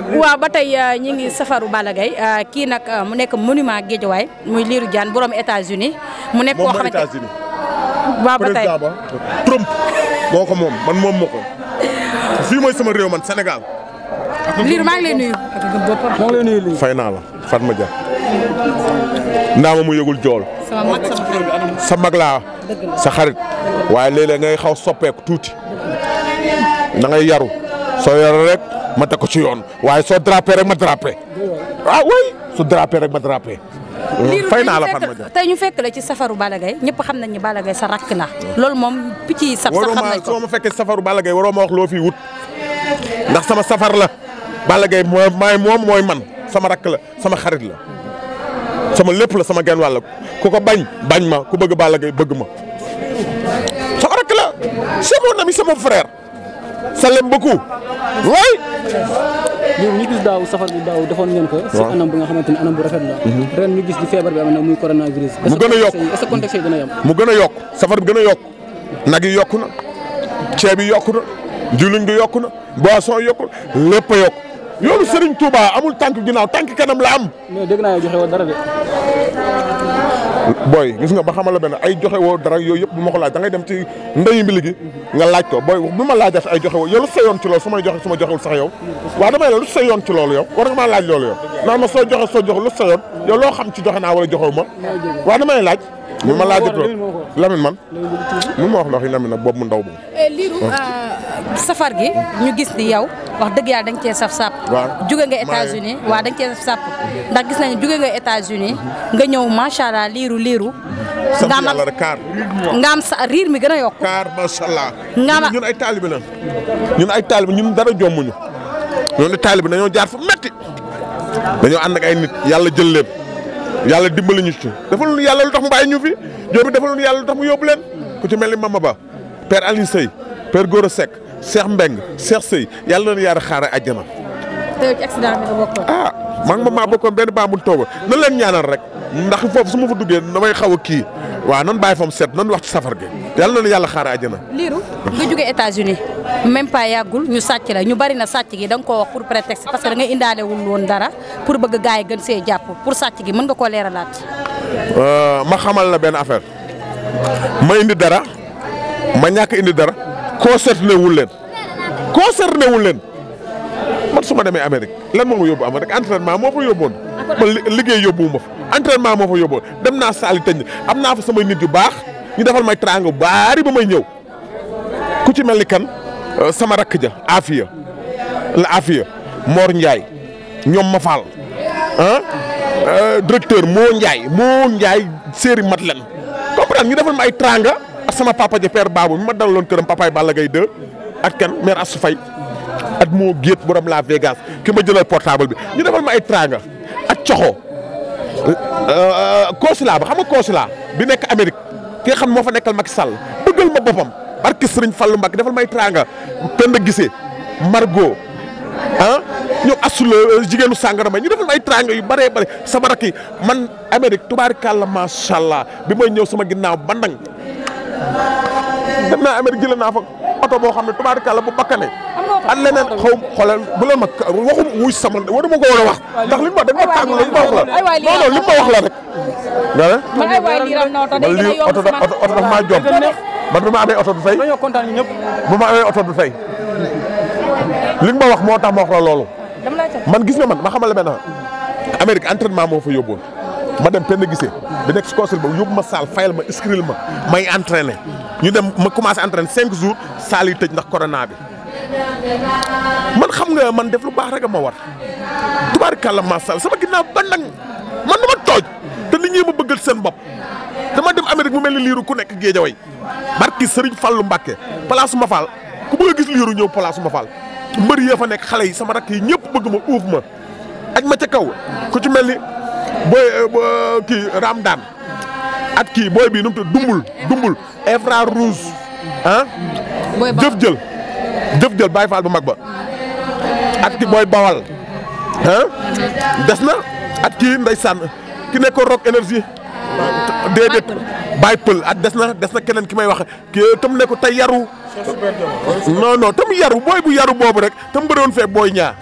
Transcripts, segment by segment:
waaw ba tey euh, ñi ngi safaru Balla Gaye euh, kii nag euh, mu nekk monument Guédiawaye muy Lirou Diane borom États-Unis mu nekk koo xamante ne waaw ba tey ko moom man moom moo ko fii mooy sama réew man Sénégal. Lirou maa ngi nuyu. fay naa la Fatma Dia. naa ma mu yëgul jool. sama mag sa mag waaye léeg ngay xaw soppeeku tuuti. da yaru soo yaru rek. ma teg ko ci yoon waaye soo drapé rek ma drapé ah oui su drapé rek ma drapé. fay naa la fan ma tey ñu fekk la ci safaru Balla Gaye xam nañ ni Balla sa rakk la. loolu moom picc yi saf soo ma fekkee safaru Balla Gaye waroo ma wax loo fi wut ndax sama safar la Balla Gaye mooy moom mooy man sama rakk la sama xarit la sama lépp la sama genn wàll ku ko bañ bañ ma ku bëgg Balla Gaye bëgg ma sama rakk la c'est mon ami sama frère ça l'aime beaucoup way ñoom ñu gis daaw safar bi daaw defoon ngeen ko si anam bu nga xamante ni anam bu rafet la mhm. ren ñu gis di feebar bi am na muy coronavirus mu gën a yokk est-ce mu gën a yokk safar bi gën a yokk nag yi yokku na ceeb yi yokku na diwlin gi yokku na boisson yokku lépp a yokk yoonu Serigne Touba amul tànk ginnaaw tànk kanam la am. mais naa joxe woo booy gis nga ba xamal la benn ay joxe woo dara yooyu yëpp bu ma ko laaj da ngay dem ci ndeyu mbili gi nga laaj ko booy bu ma laajaat ay joxe woo lu sa yoon ci loolu su may joxe su ma joxewul sax yow. waa damay la lu sa yoon ci loolu yow war nga maa laaj loolu yow. naan ma soo joxe soo joxe lu sa yoon loo xam ci joxe naa wala joxewu ma. waa damay laaj. bu ma laajee trop Lamine man. mun ma wax ndox yi Lamine nag boobu mu ndaw boobu. Eh, Lirou euh, safar gi ñu gis wax dëgg yàlla dañ cee saf sàpp jóge nga États-Unis waaw dañ cee saf ndax gis nañu jóge nga États-Unis nga ñëw macha allah liiru liiru nga am nga am sa riir mi gën a yokk kaar macha allah nga am ñun ay taalibe la ñun ay taalibe ñun dara jommuñu ñun taalibe dañoo jaar fu metti dañoo ànd ak ay nit yàlla jël leen yàlla dimbali ñu ci defal lu yàlla lu tax mu bàyyi ñu fi joobi defal lu yàlla lu tax mu yóbbu ku ci mel ni Mama Ba père Alioune Seye père Gora Seck Cheikh Mbeng Cheikh Sëy yàlla na leen yaara xaare àjjana. tey ci accident bi nga bokkoon. ah man ma maa bokkoon benn baa mun tooba leen ñaanal rek ndax foofu suma ma fa duggee damay xaw a kii waaw nan bàyyi fa mu set nan wax ci safar gi yàlla na yàlla xaar àjjana. liiru nga jógee États-Unis même pas yàggul ñu sàcc la ñu bari na sàcc gi da nga koo wax pour prétexte parce que da nga indaale wul woon dara pour bëgg gaa yi gën see jàpp pour sàcc gi mën nga koo leeralaat. Euh, ma xamal la benn affaire ma indi dara ma ñàkk indi dara concerné wul leen concerné wul leen man su ma demee Amérique lan moo ma yóbbu Amérique entraînement moo fa yóbboon. man liggéey yóbbuwu ma fa moo fa yóbboon dem naa saali tëj am naa fa sama nit yu baax ñu defal may teraanga bu bari ba may ñëw ku ci mel ni kan euh, sama rakk ja Afia la Afia Mor Ndiaye ñoom ma faal ah directeur moo Ndiaye moo Ndiaye séeri mat len comprendre ñu defal ma ay teraanga. ak sama papa ja père Babou mi ma dalaloon këram papaay Balla Gaye 2 ak kan mère Assou Faye ak mu géet borom la Vegas ki ma jëlal portable bi ñu defal ma ay tranga ak coxo euh, consulat ba xam nga bi nekk Amérique ki xam moo fa nekkal Macky sal bëggal ma boppam barke Sëriñ Fallu Mbàkke defal may tranga Penda Gissé Margot ah ñoom asula euh, jigéenu sàngara ma ñu defal ma ay tranga yu bëree bëri sama rakk yi man Amérique tubaarikàlla macha allah bi may ñëw sama ginnaaw bandang dem na Amérique jëlee naa oto boo xam ne tubaarikàlla bu bakkane ak nen xaw xoolal bu la ma waxum wuy sama waruma ko war a wax ndax li ma dañ ma tàng li ma wax la non non ma wax la rek nga ne man lii oto oto daf maa jom man bi ma amee oto du fay bu ma amee oto du fay li ma wax moo tax ma wax la loolu man gis na man ma xamal benn Amérique entraînement moo fo yóbboon ma dem penn gisee da nekk si conseil ba yóbbu ma saal fayal ma inscrire ma may entraîner ñu dem ma commencé entraîner cinq jours saal yi tëj ndax corona bi man xam nga man def lu baax rek a ma war tubaarkàlla ma saal sama ginnaaw ban nag man dama tooj te nit ñi ma bëggal seen bopp dama dem Amérique mu mel ni liiru ku nekk Géejawaay barki Serigne Fallou Mbacké place ma faal ku bëgg a gis liiru ñëw place ma faal mbër yee fa nekk xale yi sama rakk yi ñëpp bëgg ma uuf ma ma ca kaw booy euh, euh, kii Ramdan at kii booy bii nu mu tudd dumbul dumbul Efra Rouge jëf jël jëf jël Baye Fall bu mag ba at ki booy bawal ah des na at kii nday sànn ki nekkoon rock énergie déedéet bàyyi pël at des na des na keneen ki may wax ki tam ne ko tey yaru non non tam yaru booy bu yaru boobu rek tam bëroon fee booy ñaa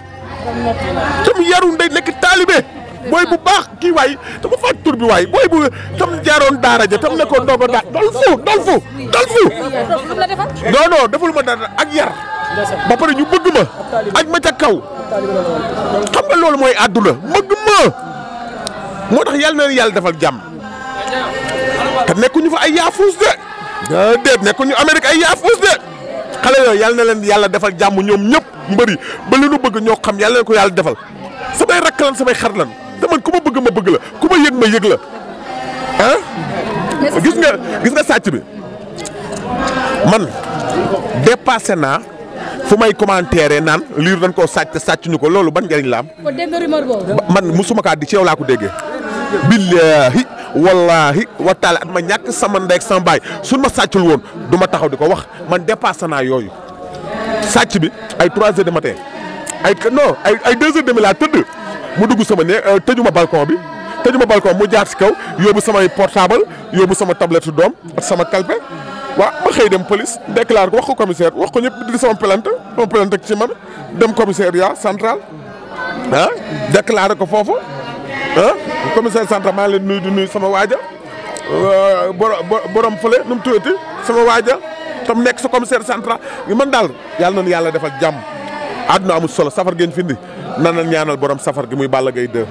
tam yaru nday nekk taalibe booy bu baax kii waay te mu tur bi waay booy bu tam jaaroon daara ja tam nekkoon ndongo daa dol fu dol fu dol fu non non deful ma dara ak yar ba pare ñu bëgg ma aj ma ca kaw xam nga loolu mooy àdduna bëgg ma moo tax yàlla na yàlla defal jàmm te nekkuñu fa ay yaafuus de déet nekkuñu Amérique ay yaafuus de xale yooyu yàlla na leen yàlla defal jàmm ñoom ñëpp mbëri ba li nu bëgg ñoo xam yàlla na ko yàlla defal samay rakk lan samay xar lan te man ku ma bëgg ma bëgg la ku ma yëg la ah. gis nga gis nga sàcc bi man dépassé naa fu may commentaire naan liir dañ koo sàcc sàccuñu ko loolu ban njëriñ laam am. kon dégg nga rumeur man musuma kaa di ci laa ko déggee. billaahi wallaahi wa at ma ñàkk sama ndey ak sama baay suñ ma sàccul woon duma taxaw di ko wax man dépassé naa yooyu sàcc bi ay 3 heures du matin ay non ay ay 2 heures demi laa tëdd. mu dugg sama ne euh, tëjuma balcon bi tëjuma balcon mu jaar si kaw yóbbu samay portable yóbbu sama tablette doom ak sama kalpe waa ma xëy dem police déclare ko wax ko commissaire wax ko ñëpp di sama plainte sama plainte ak ci man dem commissariat central ah déclaré ko foofu ah commissaire central maa ngi leen nuyu di nuyu sama waaja euh, borom fële nu mu sama waaja tam nekk sa commissaire central man daal yàlla na yàlla defal jàmm àdduna amul solo safar ngeen fi nan la ñaanal boroom safar gi muy Balla gay 2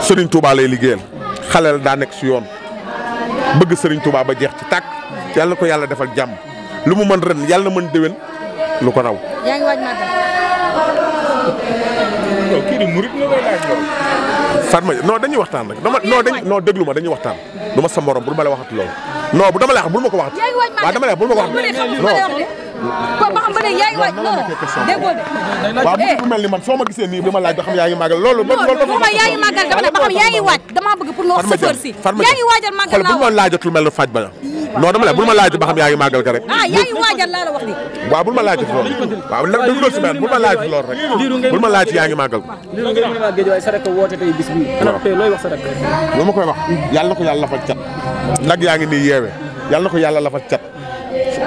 Serigne Touba lay liggéeyal xaleel daa nekk si yoon bëgg sëriñ Touba ba jeex ci tàkk yàlla na ko yàlla defal jàmm lu mu mën ren yàlla na mën déwén lu ko raw. Fatma non dañuy waxtaan rek dama non dañ non déglu ma dañuy waxtaan du ma sa morom bul ma la waxat loolu non bu dama la wax ma ko waxat waaw dama la wax bul ma ko waxat ko ba xam ba léegi yaa ngi ni man soo ma gisee nii bi ma laaj ba xam yaa ngi màggal loolu. ma yaa ngi màggal dama ne ba xam yaa ngi waaj damaa bëgg pour nga ma laajatul mel ni faj ba non dama la bu ma laaj ba xam yaa ngi màggal ka rek. ah yaa ngi laa la wax de. laaj lool waaw ma laaj yaa ngi màggal bis bi ana ma koy wax yàlla na ko yàlla lafal cat nag yaa ngi nii yeewe yàlla na ko yàlla lafal cat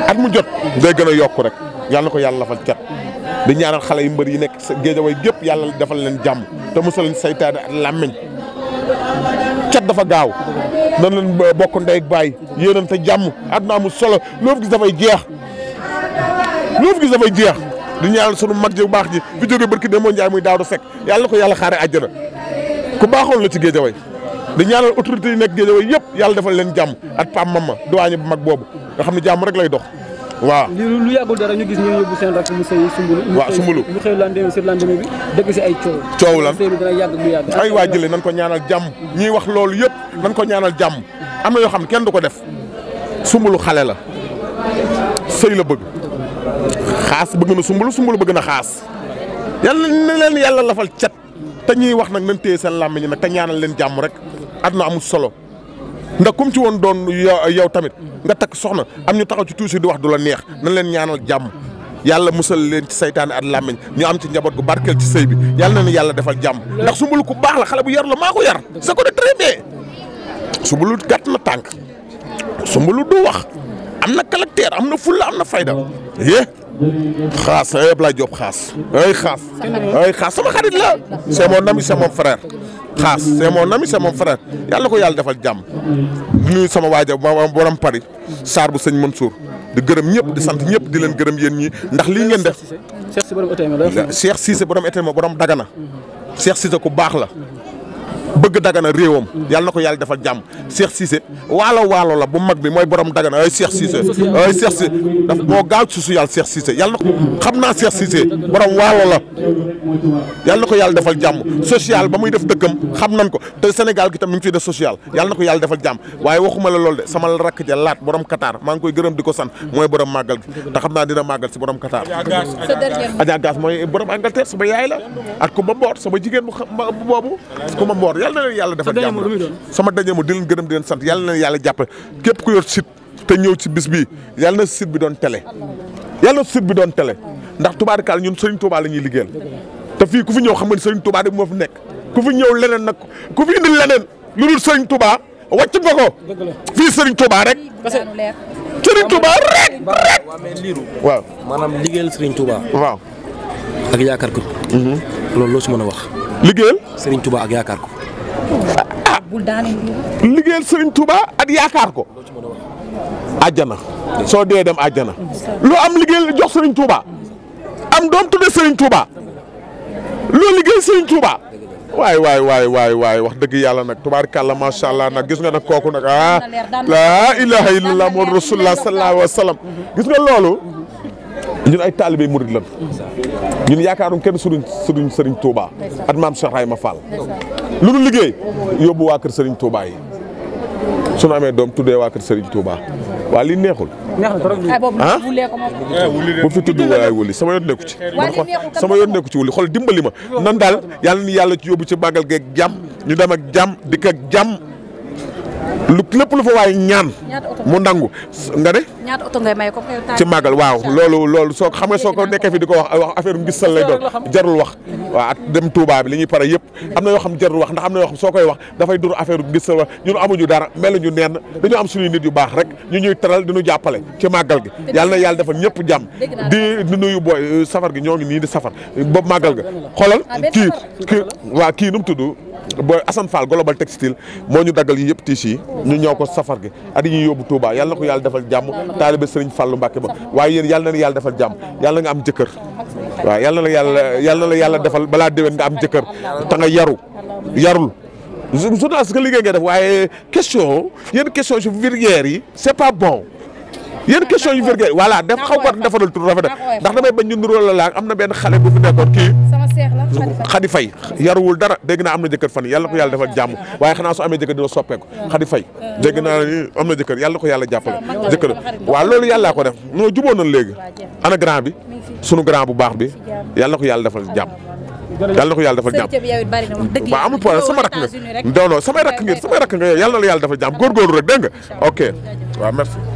at mu jot day gën a yokk rek yàlla na ko yàlla lafal cat di ñaanal xale yu mbër yi nekk géejawaay gépp yàlla defal leen jàmm te musal leen saytaane ak làmmiñ dafa gaaw nan leen bokk ndey ak baay yéeneen te jàmm àdduna amul solo loo fi gis dafay jeex loo fi gis dafay jeex di ñaanal sunu mag ji baax ji fi jógee barki de moo njaay muy daaw du fekk yàlla ko yàlla xaare àjjana ku baaxoon la ci Géejawaay di ñaanal autorité yi nekk Géejawaay yëpp yàlla defal leen jàmm ak Pape Mama doyen bu mag boobu nga xam ne jàmm rek lay dox. waaw lu lu yàggul dara ñu gis ñu seen rakk mu sëy sumbulu. waaw sumbulu mu xëy lendemain si lendemain bi dëgg si ay coow. coow lan ay waa jëlee nan ko ñaanal jàmm. ñuy wax loolu yëpp nan ko ñaanal jàmm. am na yoo xam ne kenn du ko def sumbulu xale la sëy la bëgg xaas bëgg na sumbulu sumbulu bëgg na xaas yàlla na leen yàlla lafal cet te ñuy wax nag nañ téye seen làmmiñ nag te ñaanal leen jàmm rek àdduna amul solo ndax kum ci woon doon yow tamit nga takk soxna am ñu taxaw ci toujours di wax du la neex na leen ñaanal jàmm yàlla musal leen ci seytaane at làmmiñ ñu am ci njaboot gu barkeel ci sëy bi yàlla na ne yàlla defal jàmm ndax Soumboulou ku baax la xale bu yar la maa ko yar c'est que de très gàtt na tànk Soumboulou du wax am na caractère am na fulla am na fayda xaas ay eh, Ablaye Diop xaas ay xaas ay xaas sama xarit la c'est sa ami c'est mon frère xaas c'est mon ami c'est yàlla ko yàlla defal jàmm nuyu sama waaja ma borom Paris Sarr bu sëñ Mansour di gërëm ñëpp di sant ñëpp di leen gërëm yéen ñi ndax lii ngeen def Cheikh Cissé borom Etéma borom Dagana Cheikh Cissé ku baax la bëgg dagana réewam yàlla na ko yàlla defal jàmm Cheikh Cissé waalo waalo la bu mag bi mooy borom dagana ay Cheikh Cissé ay Cheikh Cissé daf moo gaaw susu yàlla na ko xam naa Cheikh Cissé borom waalo la yàlla na ko yàlla defal jàmm social ba muy def dëkkam xam nañ ko te Sénégal gi tam mi ngi fiy def social yàlla na ko yàlla defal jàmm waaye waxuma la lool de sama rakk ja laat borom Qatar maa ngi koy gërëm di ko sant mooy borom màggal gi te xam naa dina màggal si borom Qatar Adja Gass mooy borom Angleterre sama la ak ku sama jigéen bu boobu ku ma mboor yàlla na leen yàlla defal jàmm sama daje ma di leen gërëm di leen sant yàlla na leen yàlla jàppale képp ku yor site te ñëw ci bis bi yàlla na site bi doon télé yàlla na site bi doon tele ndax tubaarkaal ñun Serigne Touba la ñuy liggéeyal te fii ku fi ñëw xam tubaa ni de moo fi nekk ku fi ñëw leneen nag ku fi indil leneen lu dul Serigne Touba wàcc nga ko fii Serigne Touba rek Serigne Touba rek rek waaw maanaam liggéeyal Serigne Touba waaw ak yaakaar ko mhm. loolu loo si mën a wax liggéeyal Serigne Touba ak yaakaar ko liggéeyal Serigne Touba ak yaakaar ko àjjana soo dee dem àjjana loo am liggéeyal jox Serigne Touba am doom tudde Serigne Touba loo liggéey Serigne Touba waay waay waaye waaye waay wax dëgg yàlla nag tubaarkàlla macha allah nag gis nga nag kooku nag ah laa ilaha illallah moom rasulullah sallallahu wa gis nga loolu ñun ay taalibe murid lan ñun yaakaarum kenn suruñ suruñ Serigne Touba maam Cheikh Rayma Fall lu dul liggéey yóbbu waa kër Serigne Touba yi su ñu amee doom tuddee waa kër Serigne Touba waa li neexul. neexul trop ah bu ah? eh, fi tudd waay wuli sama yoon nekku ci. sama yoon nekku ci wuli xool dimbali ma nan daal yàlla yàlla ci yóbbu ci màggal geeg jàmm ñu dem ak jàmm dikk jàmm. lu lépp lu fa waay ñaan. mu nangu nga de. ko ci màggal waaw loolu loolu soo xamee soo ko nekkee fi di ko wax wax affaire mu gisal lay doon jarul wax. waaw ak dem Touba bi li ñuy pare yëpp am na yoo xam jarul wax ndax am na yoo xam soo koy wax dafay du affaire mu gisal wax ñun amuñu dara mel ñu neen dañu am suñuy nit yu baax rek ñu ñuy teral diñu jàppale ci màggal gi. yàlla na yàlla defal ñëpp jàmm di nuyu booy euh, safar gi ñoo ngi nii di safar boobu màggal ga ah, xoolal ah, kii kii waaw booy Assane Fall global textile moo ñu daggal yi yëpp tiis yi ñu ñëw ko safar gi at yi ñuy yóbbu Touba yàlla na ko yàlla defal jàmm taalibe Sëriñ Fallu Mbàkke ba waaye yéen yàlla na yàlla defal jàmm yàlla nga am jëkkër waaw yàlla na yàlla yàlla na yàlla defal balaa déwén nga am jëkkër ta nga yaru yarul journaliste que liggéey ngay def waaye question yéen question yu vulgaire yi c'est pas bon yéen question yu vulgaire voilà def xaw ko defalul tur rafet ndax damay bañ ñu nuroo la laag am na benn xale bu fi nekkoon xadi fay yaruwul dara dégg naa am na jëkkër fan yàlla ko yàlla defal jàmm waaye xanaa su amee jëkkër dina soppeeku xadi fay dégg naa am na jëkkër yàlla ko yàlla jàppale jëkkër waaw loolu yàllaa ko def noo juboo na léegi ana grand bi sunu grand bu baax bi yàlla ko yàlla defal jàmm yàlla na ko yàlla defal jàmm waaw amul problème sama rakk nga non non samay rakk nga samay rakk yàlla na la yàlla defal jàmm góorgóorlu rek dégg nga ok